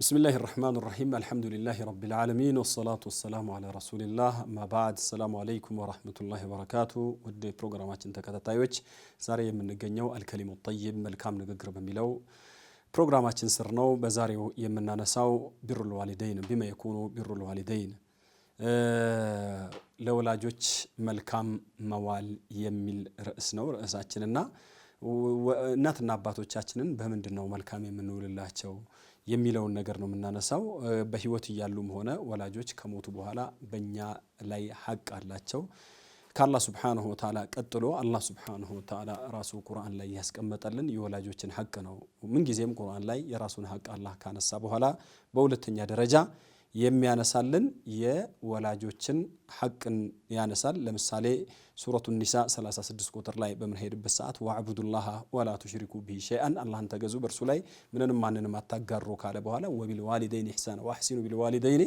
ብስሚላህ ራህማን ራሂም አልሐምዱሊላህ ረቢል ዓለሚን ወሰላቱ ወሰላሙ አላ ረሱሊላህ አማባዕድ አሰላሙ አለይኩም ወራህመቱላሂ ወበረካቱ። ውድ የፕሮግራማችን ተከታታዮች ዛሬ የምንገኘው አልከሊሙ ጠይብ መልካም ንግግር በሚለው ፕሮግራማችን ስር ነው። በዛሬው የምናነሳው ቢሩል ዋሊደይን ቢማ የኩኑ ቢሩል ዋሊደይን ለወላጆች መልካም መዋል የሚል ርዕስ ነው ርዕሳችንና እናትና አባቶቻችንን በምንድን ነው መልካም የምንውልላቸው የሚለውን ነገር ነው የምናነሳው። በህይወት እያሉም ሆነ ወላጆች ከሞቱ በኋላ በእኛ ላይ ሀቅ አላቸው። ከአላህ ስብሓንሁ ወተዓላ ቀጥሎ አላህ ስብሓንሁ ወተዓላ ራሱ ቁርአን ላይ ያስቀመጠልን የወላጆችን ሀቅ ነው። ምንጊዜም ቁርአን ላይ የራሱን ሀቅ አላህ ካነሳ በኋላ በሁለተኛ ደረጃ የሚያነሳልን የወላጆችን ሐቅን ያነሳል። ለምሳሌ ሱረቱ ኒሳ 36 ቁጥር ላይ በምንሄድበት ሰዓት ወአዕቡዱላህ ወላ ቱሽሪኩ ቢሂ ሸይአን አላህን ተገዙ በእርሱ ላይ ምንንም ማንንም አታጋሩ ካለ በኋላ ወቢልዋሊደይን ኢሕሳና ወአሕሲኑ ቢልዋሊደይን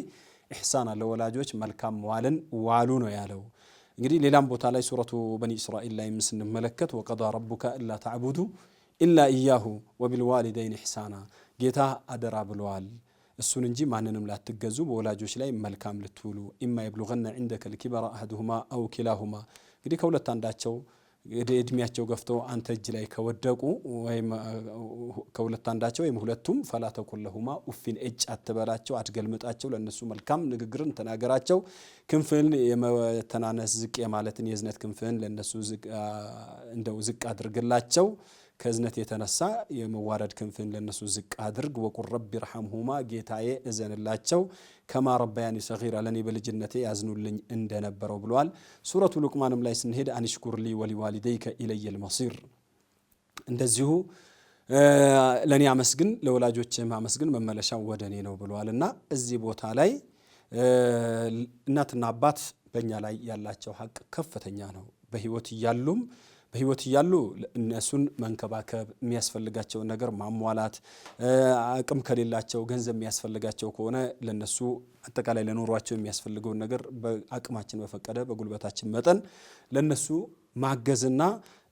ኢሕሳና ለወላጆች መልካም ዋልን ዋሉ ነው ያለው። እንግዲህ ሌላም ቦታ ላይ ሱረቱ በኒ እስራኤል ላይ ስንመለከት ወቀዳ ረቡከ እላ ተዕቡዱ ኢላ ኢያሁ ወቢልዋሊደይን ኢሕሳና ጌታ አደራ ብለዋል። እሱን እንጂ ማንንም ላትገዙ፣ በወላጆች ላይ መልካም ልትውሉ። ኢማ የብሉገነ ዒንደከል ኪበራ አህድሁማ አው ኪላሁማ፣ እንግዲህ ከሁለት አንዳቸው እድሜያቸው ገፍተው አንተ እጅ ላይ ከወደቁ ወይም ከሁለት አንዳቸው ወይም ሁለቱም ፈላ ተቁል ለሁማ ኡፊን እጭ አትበላቸው፣ አትገልምጣቸው፣ ለእነሱ መልካም ንግግርን ተናገራቸው። ክንፍህን የመተናነስ ዝቅ የማለትን የዝነት ክንፍህን ለእነሱ እንደው ዝቅ አድርግላቸው። ከእዝነት የተነሳ የመዋረድ ክንፍን ለነሱ ዝቅ አድርግ። ወቁል ረቢ ርሐምሁማ ጌታዬ እዘንላቸው ከማ ረባያኒ ሰጊራ ለእኔ በልጅነቴ ያዝኑልኝ እንደነበረው ብለዋል። ሱረቱ ሉቅማንም ላይ ስንሄድ አኒሽኩርሊ ወሊዋሊደይከ ኢለየል መሲር እንደዚሁ ለእኔ አመስግን ለወላጆች አመስግን መመለሻው ወደ እኔ ነው ብለዋል። እና እዚህ ቦታ ላይ እናትና አባት በእኛ ላይ ያላቸው ሀቅ ከፍተኛ ነው። በህይወት እያሉም በህይወት እያሉ እነሱን መንከባከብ፣ የሚያስፈልጋቸውን ነገር ማሟላት፣ አቅም ከሌላቸው ገንዘብ የሚያስፈልጋቸው ከሆነ ለነሱ አጠቃላይ ለኑሯቸው የሚያስፈልገውን ነገር በአቅማችን በፈቀደ በጉልበታችን መጠን ለነሱ ማገዝና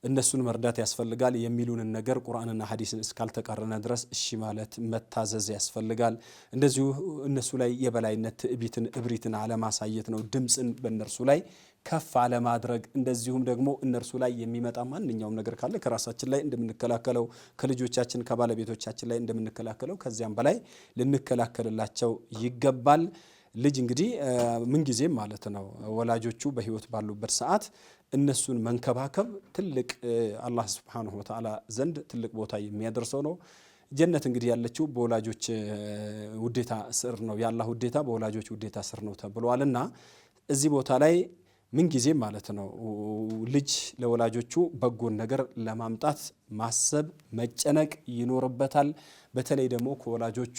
እነሱን መርዳት ያስፈልጋል የሚሉንን ነገር ቁርአንና ሀዲስን እስካልተቃረነ ድረስ እሺ ማለት መታዘዝ ያስፈልጋል። እንደዚሁ እነሱ ላይ የበላይነት ትዕቢትን፣ እብሪትን አለማሳየት ነው። ድምፅን በእነርሱ ላይ ከፍ አለማድረግ፣ እንደዚሁም ደግሞ እነርሱ ላይ የሚመጣ ማንኛውም ነገር ካለ ከራሳችን ላይ እንደምንከላከለው ከልጆቻችን ከባለቤቶቻችን ላይ እንደምንከላከለው ከዚያም በላይ ልንከላከልላቸው ይገባል። ልጅ እንግዲህ ምንጊዜም ማለት ነው ወላጆቹ በህይወት ባሉበት ሰዓት እነሱን መንከባከብ ትልቅ አላህ ስብሓንሁ ወተዓላ ዘንድ ትልቅ ቦታ የሚያደርሰው ነው። ጀነት እንግዲህ ያለችው በወላጆች ውዴታ ስር ነው። የአላህ ውዴታ በወላጆች ውዴታ ስር ነው ተብለዋልና እዚህ ቦታ ላይ ምንጊዜም ማለት ነው ልጅ ለወላጆቹ በጎን ነገር ለማምጣት ማሰብ መጨነቅ ይኖርበታል። በተለይ ደግሞ ከወላጆቹ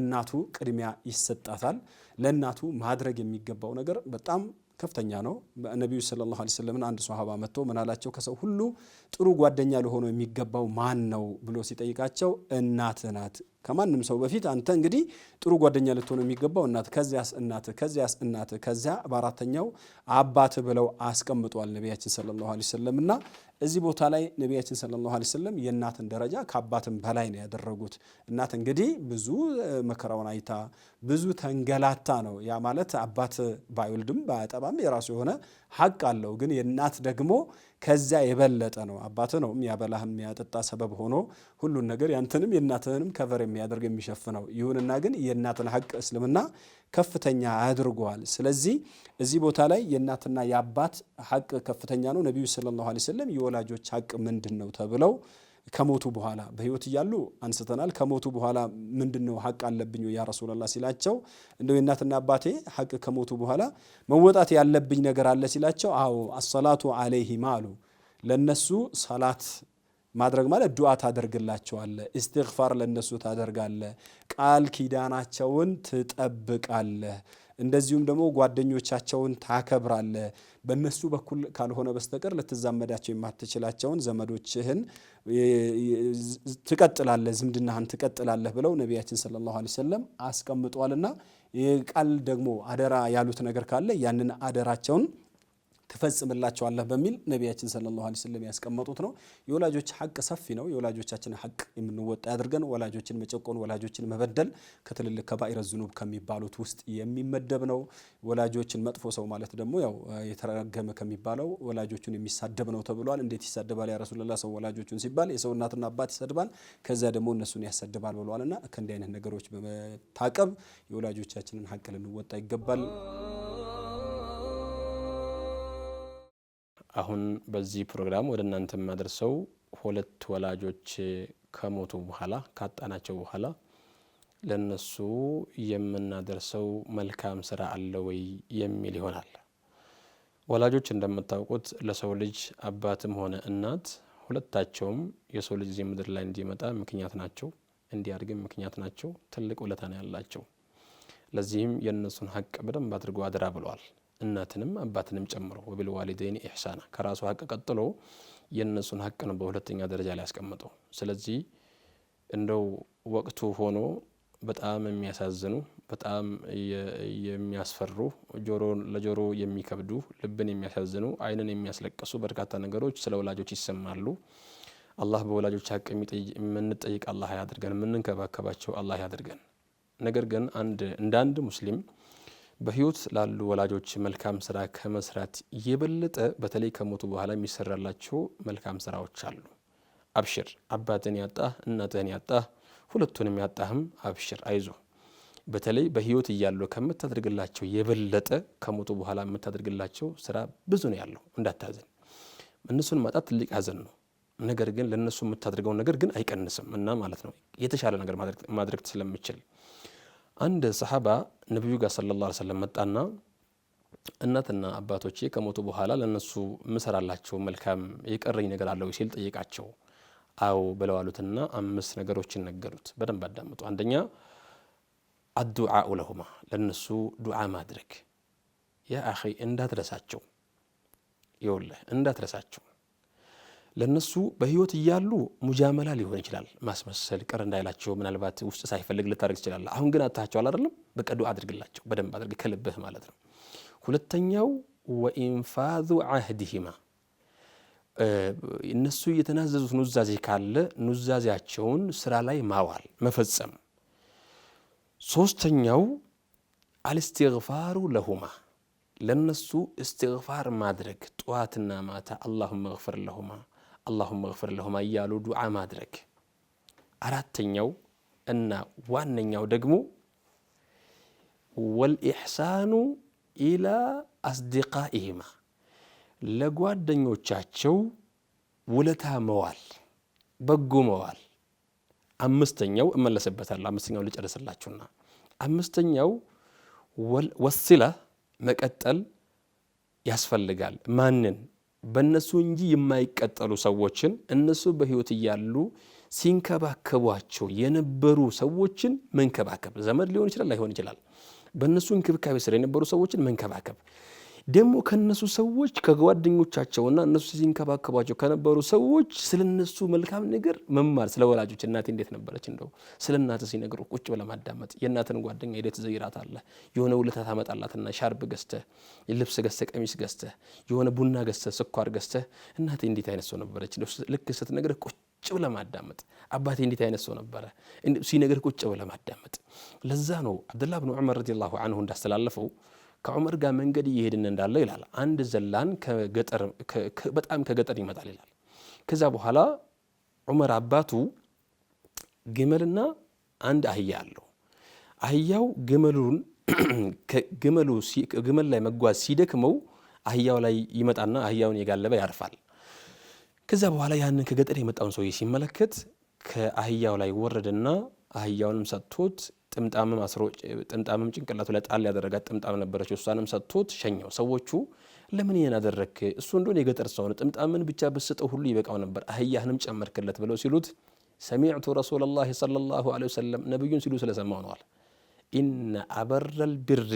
እናቱ ቅድሚያ ይሰጣታል። ለእናቱ ማድረግ የሚገባው ነገር በጣም ከፍተኛ ነው። ነቢዩ ሰለላሁ ዐለይሂ ወሰለምን አንድ ሶሃባ መጥቶ ምናላቸው ከሰው ሁሉ ጥሩ ጓደኛ ሊሆነው የሚገባው ማን ነው ብሎ ሲጠይቃቸው እናት ናት ከማንም ሰው በፊት አንተ እንግዲህ ጥሩ ጓደኛ ልትሆን የሚገባው እናት፣ ከዚያስ እናት፣ ከዚያስ እናት፣ ከዚያ በአራተኛው አባት ብለው አስቀምጧል ነቢያችን ሰለላሁ ዐለይሂ ወሰለም። እና እዚህ ቦታ ላይ ነቢያችን ሰለላሁ ዐለይሂ ወሰለም የእናትን ደረጃ ከአባትን በላይ ነው ያደረጉት። እናት እንግዲህ ብዙ መከራውን አይታ ብዙ ተንገላታ ነው። ያ ማለት አባት ባይወልድም ባያጠባም የራሱ የሆነ ሀቅ አለው። ግን የእናት ደግሞ ከዚያ የበለጠ ነው። አባት ነው የሚያበላህ የሚያጠጣ ሰበብ ሆኖ ሁሉን ነገር ያንተንም የእናትህንም ከቨር የሚያደርግ የሚሸፍነው። ይሁንና ግን የእናትን ሀቅ እስልምና ከፍተኛ አድርጓል። ስለዚህ እዚህ ቦታ ላይ የእናትና የአባት ሀቅ ከፍተኛ ነው። ነቢዩ ሰለላሁ ዐለይሂ ወሰለም የወላጆች ሀቅ ምንድን ነው ተብለው ከሞቱ በኋላ በህይወት እያሉ አንስተናል። ከሞቱ በኋላ ምንድን ነው ሀቅ አለብኝ ያ ረሱላላ ሲላቸው እንደ እናትና አባቴ ሀቅ ከሞቱ በኋላ መወጣት ያለብኝ ነገር አለ ሲላቸው፣ አዎ አሰላቱ አለይሂም አሉ። ለነሱ ሰላት ማድረግ ማለት ዱዓ ታደርግላቸዋለ፣ እስትግፋር ለነሱ ታደርጋለ፣ ቃል ኪዳናቸውን ትጠብቃለህ እንደዚሁም ደግሞ ጓደኞቻቸውን ታከብራለ በእነሱ በኩል ካልሆነ በስተቀር ልትዛመዳቸው የማትችላቸውን ዘመዶችህን ትቀጥላለህ፣ ዝምድናህን ትቀጥላለህ ብለው ነቢያችን ሰለላሁ ዐለይሂ ወሰለም አስቀምጧልና ይህ ቃል ደግሞ አደራ ያሉት ነገር ካለ ያንን አደራቸውን ትፈጽምላቸዋለህ በሚል ነቢያችን ሰለላሁ ዐለይሂ ወሰለም ያስቀመጡት ነው። የወላጆች ሐቅ ሰፊ ነው። የወላጆቻችን ሐቅ የምንወጣ ያድርገን። ወላጆችን መጨቆን፣ ወላጆችን መበደል ከትልልቅ ከባኢረ ዝኑብ ከሚባሉት ውስጥ የሚመደብ ነው። ወላጆችን መጥፎ ሰው ማለት ደግሞ ያው የተረገመ ከሚባለው ወላጆቹን የሚሳደብ ነው ተብሏል። እንዴት ይሳደባል ያ ረሱልላህ? ሰው ወላጆቹን ሲባል የሰው እናትና አባት ይሰድባል፣ ከዚያ ደግሞ እነሱን ያሰድባል ብለዋልና ከእንዲህ አይነት ነገሮች በመታቀብ የወላጆቻችንን ሐቅ ልንወጣ ይገባል። አሁን በዚህ ፕሮግራም ወደ እናንተ የማደርሰው ሁለት ወላጆች ከሞቱ በኋላ ካጣናቸው በኋላ ለነሱ የምናደርሰው መልካም ስራ አለ ወይ የሚል ይሆናል። ወላጆች እንደምታውቁት ለሰው ልጅ አባትም ሆነ እናት ሁለታቸውም የሰው ልጅ እዚህ ምድር ላይ እንዲመጣ ምክንያት ናቸው፣ እንዲያድግም ምክንያት ናቸው። ትልቅ ውለታ ነው ያላቸው። ለዚህም የእነሱን ሀቅ በደንብ አድርጎ አድራ ብሏል። እናትንም አባትንም ጨምሮ ወቢል ዋሊደይን ኢሕሳና ከራሱ ሀቅ ቀጥሎ የእነሱን ሀቅ ነው በሁለተኛ ደረጃ ላይ ያስቀምጠው። ስለዚህ እንደው ወቅቱ ሆኖ በጣም የሚያሳዝኑ በጣም የሚያስፈሩ ጆሮ ለጆሮ የሚከብዱ ልብን የሚያሳዝኑ አይንን የሚያስለቅሱ በርካታ ነገሮች ስለ ወላጆች ይሰማሉ። አላህ በወላጆች ሀቅ የምንጠይቅ አላህ ያድርገን። የምንንከባከባቸው አላህ ያድርገን። ነገር ግን እንደ አንድ ሙስሊም በህይወት ላሉ ወላጆች መልካም ስራ ከመስራት የበለጠ በተለይ ከሞቱ በኋላ የሚሰራላቸው መልካም ስራዎች አሉ። አብሽር አባትን ያጣህ እናትህን ያጣህ ሁለቱንም ያጣህም አብሽር፣ አይዞ። በተለይ በህይወት እያሉ ከምታደርግላቸው የበለጠ ከሞቱ በኋላ የምታደርግላቸው ስራ ብዙ ነው ያለው። እንዳታዘን። እነሱን ማጣት ትልቅ ሀዘን ነው። ነገር ግን ለእነሱ የምታደርገውን ነገር ግን አይቀንስም እና ማለት ነው የተሻለ ነገር ማድረግ ስለምችል አንድ ሰሓባ ነቢዩ ጋር ሰለላሁ ዐለይሂ ወሰለም መጣና እናትና አባቶቼ ከሞቱ በኋላ ለነሱ ምሰራላቸው መልካም የቀረኝ ነገር አለው ሲል ጠየቃቸው። አው ብለው አሉትና አምስት ነገሮችን ነገሩት። በደንብ አዳምጡ። አንደኛ አዱዓኡ ለሁማ ለነሱ ዱዓ ማድረግ። ያ አኺ እንዳትረሳቸው፣ ይውልህ እንዳትረሳቸው ለነሱ በህይወት እያሉ ሙጃመላ ሊሆን ይችላል። ማስመሰል ቅር እንዳይላቸው ምናልባት ውስጥ ሳይፈልግ ልታደርግ ይችላል። አሁን ግን አታቸዋል አይደለም። በቀዱ አድርግላቸው በደንብ አድርግ ከልብህ ማለት ነው። ሁለተኛው ወኢንፋዙ አህድሂማ እነሱ የተናዘዙት ኑዛዜ ካለ ኑዛዜያቸውን ስራ ላይ ማዋል መፈጸም። ሶስተኛው አልስትግፋሩ ለሁማ ለነሱ እስትግፋር ማድረግ ጠዋትና ማታ አላሁመ ግፍር ለሁማ አላሁመ እግፍር ለሁማ እያሉ ዱዓ ማድረግ። አራተኛው እና ዋነኛው ደግሞ ወልኢሕሳኑ ኢላ አስዲቃኢሂማ ለጓደኞቻቸው ውለታ መዋል፣ በጎ መዋል። አምስተኛው እመለስበታለሁ። አምስተኛው ልጨርስላችሁና አምስተኛው ወሲላ መቀጠል ያስፈልጋል። ማንን በእነሱ እንጂ የማይቀጠሉ ሰዎችን እነሱ በህይወት እያሉ ሲንከባከቧቸው የነበሩ ሰዎችን መንከባከብ ዘመድ ሊሆን ይችላል፣ ላይሆን ይችላል። በእነሱ እንክብካቤ ስር የነበሩ ሰዎችን መንከባከብ ደግሞ ከነሱ ሰዎች ከጓደኞቻቸውና እነሱ ሲንከባከቧቸው ከነበሩ ሰዎች ስለነሱ መልካም ነገር መማር ስለ ወላጆች እናቴ እንዴት ነበረች እንደው ስለ እናት ሲነግሩ ቁጭ ብለህ ማዳመጥ የእናትን ጓደኛ ዘይራት አለ የሆነ ውለታ ታመጣላትና ሻርብ ገዝተ ልብስ ገዝተ ቀሚስ ገዝተ የሆነ ቡና ገዝተ ስኳር ገዝተ እናቴ እንዴት አይነት ሰው ነበረች ልክ ስትነግርህ ቁጭ ብለህ ማዳመጥ አባቴ እንዴት አይነት ሰው ነበረ ሲነግርህ ቁጭ ለማዳመጥ ማዳመጥ ለዛ ነው አብደላ ብን ዑመር ረዲየላሁ አንሁ እንዳስተላለፈው ከዑመር ጋር መንገድ እየሄድን እንዳለ ይላል አንድ ዘላን በጣም ከገጠር ይመጣል ይላል። ከዛ በኋላ ዑመር አባቱ ግመልና አንድ አህያ አለው። አህያው ግመሉን ግመል ላይ መጓዝ ሲደክመው አህያው ላይ ይመጣና አህያውን የጋለበ ያርፋል። ከዛ በኋላ ያንን ከገጠር የመጣውን ሰውዬ ሲመለከት ከአህያው ላይ ወረደና አህያውንም ሰጥቶት ጥምጣምም ጭንቅላቱ ላይ ጣል ያደረጋት ጥምጣም ነበረች። እሷንም ሰጥቶት ሸኘው። ሰዎቹ ለምን ይህን አደረክ? እሱ እንደሆነ የገጠር ሰው ነው፣ ጥምጣምን ብቻ ብስጠው ሁሉ ይበቃው ነበር፣ አህያህንም ጨመርክለት ብለው ሲሉት ሰሚዕቱ ረሱላላሂ ሰለላሁ ዐለይሂ ወሰለም ነቢዩን ሲሉ ስለሰማው ነዋል። ኢነ አበረል ብሪ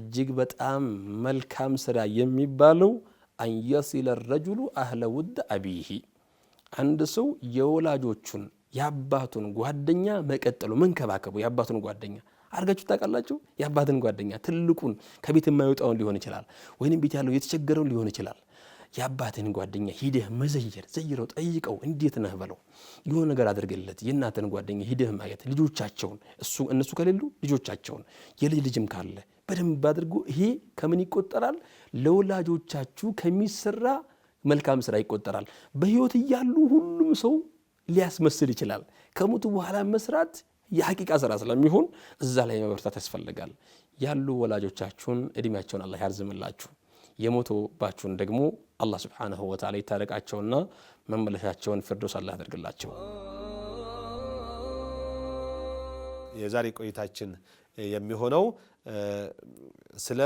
እጅግ በጣም መልካም ስራ የሚባለው አንየሲለ ረጁሉ አህለ ውድ አቢሂ አንድ ሰው የወላጆቹን የአባቱን ጓደኛ መቀጠሉ መንከባከቡ። የአባቱን ጓደኛ አድርጋችሁ ታውቃላችሁ? የአባትን ጓደኛ ትልቁን ከቤት የማይወጣውን ሊሆን ይችላል፣ ወይንም ቤት ያለው የተቸገረውን ሊሆን ይችላል። የአባትን ጓደኛ ሂደህ መዘየር ዘይረው፣ ጠይቀው፣ እንዴት ነህ በለው፣ የሆነ ነገር አድርግለት። የእናትን ጓደኛ ሂደህ ማየት ልጆቻቸውን፣ እሱ እነሱ ከሌሉ ልጆቻቸውን፣ የልጅ ልጅም ካለ በደንብ አድርጎ ይሄ ከምን ይቆጠራል? ለወላጆቻችሁ ከሚሰራ መልካም ስራ ይቆጠራል። በህይወት እያሉ ሁሉም ሰው ሊያስመስል ይችላል። ከሞቱ በኋላ መስራት የሐቂቃ ስራ ስለሚሆን እዛ ላይ መበርታት ያስፈልጋል። ያሉ ወላጆቻችሁን እድሜያቸውን አላህ ያርዝምላችሁ፣ የሞቱባችሁን ደግሞ አላህ ሱብሓነሁ ወተዓላ ይታረቃቸውና መመለሻቸውን ፍርዶስ አላህ ያደርግላቸው። የዛሬ ቆይታችን የሚሆነው ስለ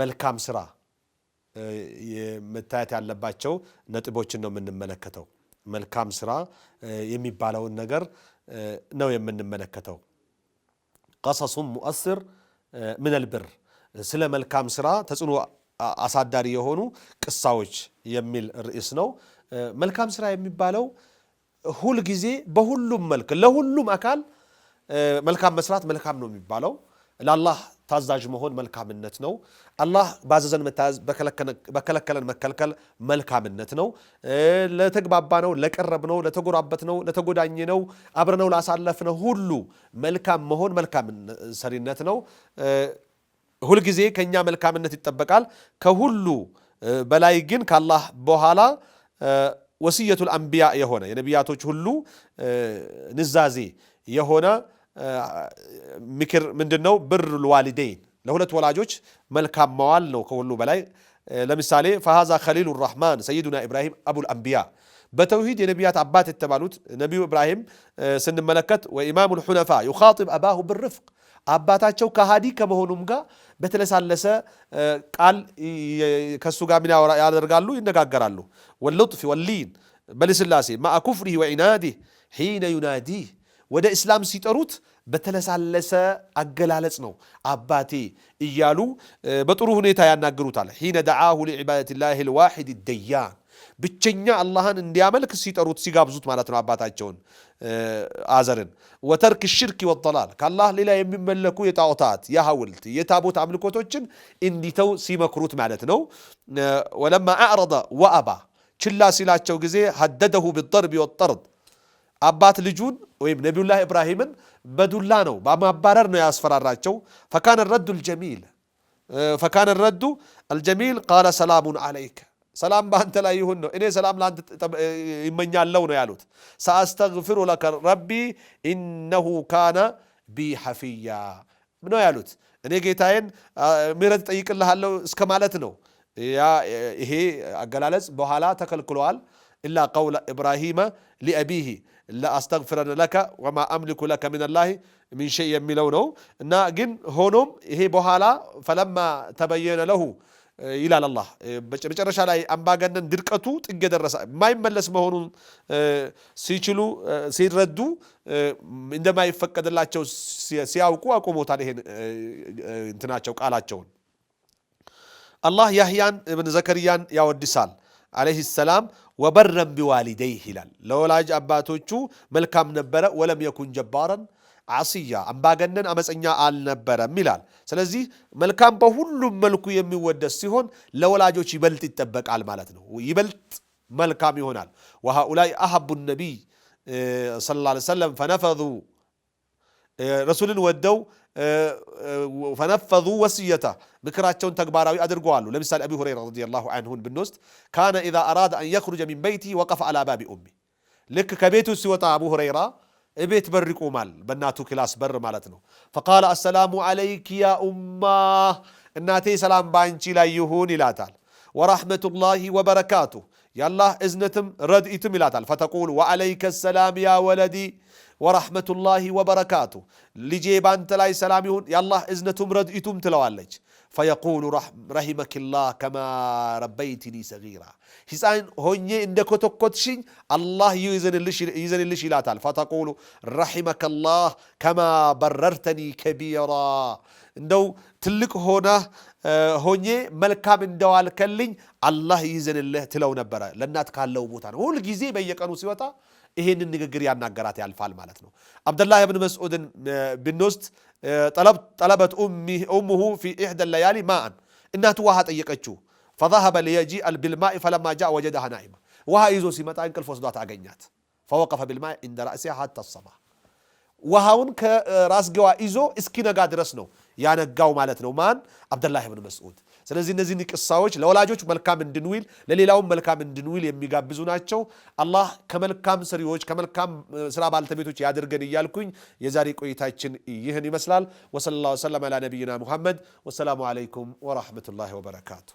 መልካም ስራ መታየት ያለባቸው ነጥቦችን ነው የምንመለከተው። መልካም ስራ የሚባለውን ነገር ነው የምንመለከተው። ቀሰሱም ሙአስር ምነል ብር ስለ መልካም ስራ ተጽዕኖ አሳዳሪ የሆኑ ቅሳዎች የሚል ርዕስ ነው። መልካም ስራ የሚባለው ሁል ጊዜ በሁሉም መልክ ለሁሉም አካል መልካም መስራት መልካም ነው የሚባለው ለአላህ ታዛዥ መሆን መልካምነት ነው። አላህ ባዘዘን መታዘዝ፣ በከለከለን መከልከል መልካምነት ነው። ለተግባባ ነው፣ ለቀረብ ነው፣ ለተጎራበት ነው፣ ለተጎዳኝ ነው፣ አብረነው ነው ሁሉ መልካም መሆን መልካም ሰሪነት ነው። ሁልጊዜ ከእኛ መልካምነት ይጠበቃል። ከሁሉ በላይ ግን ከአላህ በኋላ ወስየቱል አንቢያ የሆነ የነቢያቶች ሁሉ ንዛዜ የሆነ ምክር ምንድን ነው? ብር ልዋሊደይን ለሁለት ወላጆች መልካም መዋል ነው ከሁሉ በላይ። ለምሳሌ ፈሃዛ ከሊሉ ራህማን ሰይዱና ኢብራሂም አቡል አንቢያ በተውሂድ የነቢያት አባት የተባሉት ነቢዩ ኢብራሂም ስንመለከት ወኢማሙ ልሑነፋ ዩኻጢብ አባሁ ብርፍቅ አባታቸው ከሃዲ ከመሆኑም ጋር በተለሳለሰ ቃል ከእሱ ጋር ምን ያደርጋሉ? ይነጋገራሉ። ወልጥፊ ወሊን በልስላሴ ማአ ኩፍሪህ ወዒናዲህ ሒነ ዩናዲህ ወደ እስላም ሲጠሩት በተለሳለሰ አገላለጽ ነው። አባቴ እያሉ በጥሩ ሁኔታ ያናግሩታል። ሒነ ደዓሁ ሊዕባደትላህ ልዋሒድ ደያን ብቸኛ አላህን እንዲያመልክ ሲጠሩት ሲጋብዙት ማለት ነው አባታቸውን አዘርን። ወተርክ ሽርክ ወጠላል ከአላህ ሌላ የሚመለኩ የጣዖታት የሐውልት የታቦት አምልኮቶችን እንዲተው ሲመክሩት ማለት ነው። ወለማ አዕረደ ወአባ ችላ ሲላቸው ጊዜ ሀደደሁ ብጠርቢ ወጠርድ አባት ልጁን ወይም ነቢዩላህ ኢብራሂምን በዱላ ነው በማባረር ነው ያስፈራራቸው። ፈካነ ረዱ ልጀሚል ፈካነ ረዱ አልጀሚል ቃለ ሰላሙን አለይከ ሰላም በአንተ ላይ ይሁን ነው እኔ ሰላም ለአንተ ይመኛለው ነው ያሉት። ሰአስተግፊሩ ለከ ረቢ ኢነሁ ካነ ቢ ሐፊያ ነው ያሉት። እኔ ጌታዬን ምሕረት ጠይቅልሃለሁ እስከ ማለት ነው። ይሄ አገላለጽ በኋላ ተከልክሏል ኢላ ቀውለ ኢብራሂመ ሊአቢሂ ለአስተግፍረን ለከ ወማ አምልኩ ለከ ሚንላሂ ሚን ሸይ የሚለው ነው እና ግን ሆኖም ይሄ በኋላ ፈለማ ተበየነ ለሁ ይላል አላህ መጨረሻ ላይ አምባገነን ድርቀቱ ጥግ የደረሰ የማይመለስ መሆኑን ሲችሉ ሲረዱ እንደማይፈቀድላቸው ሲያውቁ አቁሞታል። ይሄን እንትናቸው ቃላቸውን አላህ ያህያን እብን ዘከርያን ያወድሳል። ዓለይሂ ሰላም ወበረን ቢዋሊደይህ ይላል። ለወላጅ አባቶቹ መልካም ነበረ። ወለም የኩን ጀባረን አስያ አምባገነን አመፀኛ አልነበረም ይላል። ስለዚህ መልካም በሁሉም መልኩ የሚወደስ ሲሆን ለወላጆች ይበልጥ ይጠበቃል ማለት ነው። ይበልጥ መልካም ይሆናል። ወሃኡላይ አሐቡ ነቢይ ሰለላሁ ዐለይሂ ወሰለም ፈነፈዙ ረሱልን ወደው ፈነፈዙ ወስየታ ምክራቸውን ተግባራዊ አድርገዋሉ። ለምሳሌ አቢ ሁረይራ ረዲየላሁ አንሁን ብንወስድ ካነ ኢዛ አራደ አን የኽሩጀ ሚን በይቲ ወቀፈ አላ ባቢ ኡሚ። ልክ ከቤቱ ሲወጣ አቡ ሁረይራ እቤት በር ይቆማል፣ በእናቱ ክላስ በር ማለት ነው። ፈቃለ አሰላሙ ዓለይክ ያ ኡማ፣ እናቴ ሰላም በአንቺ ላይ ይሁን ይላታል። ወራሕመቱላሂ ወበረካቱ፣ የአላህ እዝነትም ረድኢትም ይላታል። ፈተቁል ወአለይከ ሰላም ያ ወለዲ ወራህመቱላሂ ወበረካቱ ልጄ ባንተ ላይ ሰላም ይሁን የአላህ እዝነቱም ረድኢቱም ትለዋለች። ፈየቁሉ ረሂመኪላህ ከማ ረበይትኒ ሰጊራ ሕፃን ሆኜ እንደ ኮተኮትሽኝ አላህ ይዘንልሽ ይላታል። ፈተቁሉ ረሂመከላህ ከማ በረርተኒ ከቢራ እንደው ትልቅ ሆና ሆኜ መልካም እንደዋልከልኝ አላህ ይዘንልህ ትለው ነበረ። ለእናት ካለው ቦታ ነው ሁልጊዜ በየቀኑ ሲወጣ ይሄንን ንግግር ያናገራት ያልፋል ማለት ነው። አብደላህ ብን መስዑድን ብንወስድ ጠለበት ኡሙሁ ፊ ኢሕደ ለያሊ ማአን እናቱ ውሃ ጠየቀችው። ፈዛሀበ ሊየጂአ ቢልማኢ ፈለማ ጃ ወጀደሃ ናኢማ ውሃ ይዞ ሲመጣ እንቅልፍ ወስዷት አገኛት። ፈወቀፈ ቢልማኢ እንደ ራእሲሃ ሀታ ሰባ ውሃውን ከራስጌዋ ይዞ እስኪነጋ ድረስ ነው ያነጋው ማለት ነው። ማን አብደላህ ብን መስዑድ ስለዚህ እነዚህን ቅሳዎች ለወላጆች መልካም እንድንውል ለሌላውም መልካም እንድንውል የሚጋብዙ ናቸው። አላህ ከመልካም ሰሪዎች ከመልካም ስራ ባልተቤቶች ያድርገን እያልኩኝ የዛሬ ቆይታችን ይህን ይመስላል። ወሰለላሁ ወሰለም አላ ነቢይና ሙሐመድ ወሰላሙ አለይኩም ወራህመቱላሂ ወበረካቱ።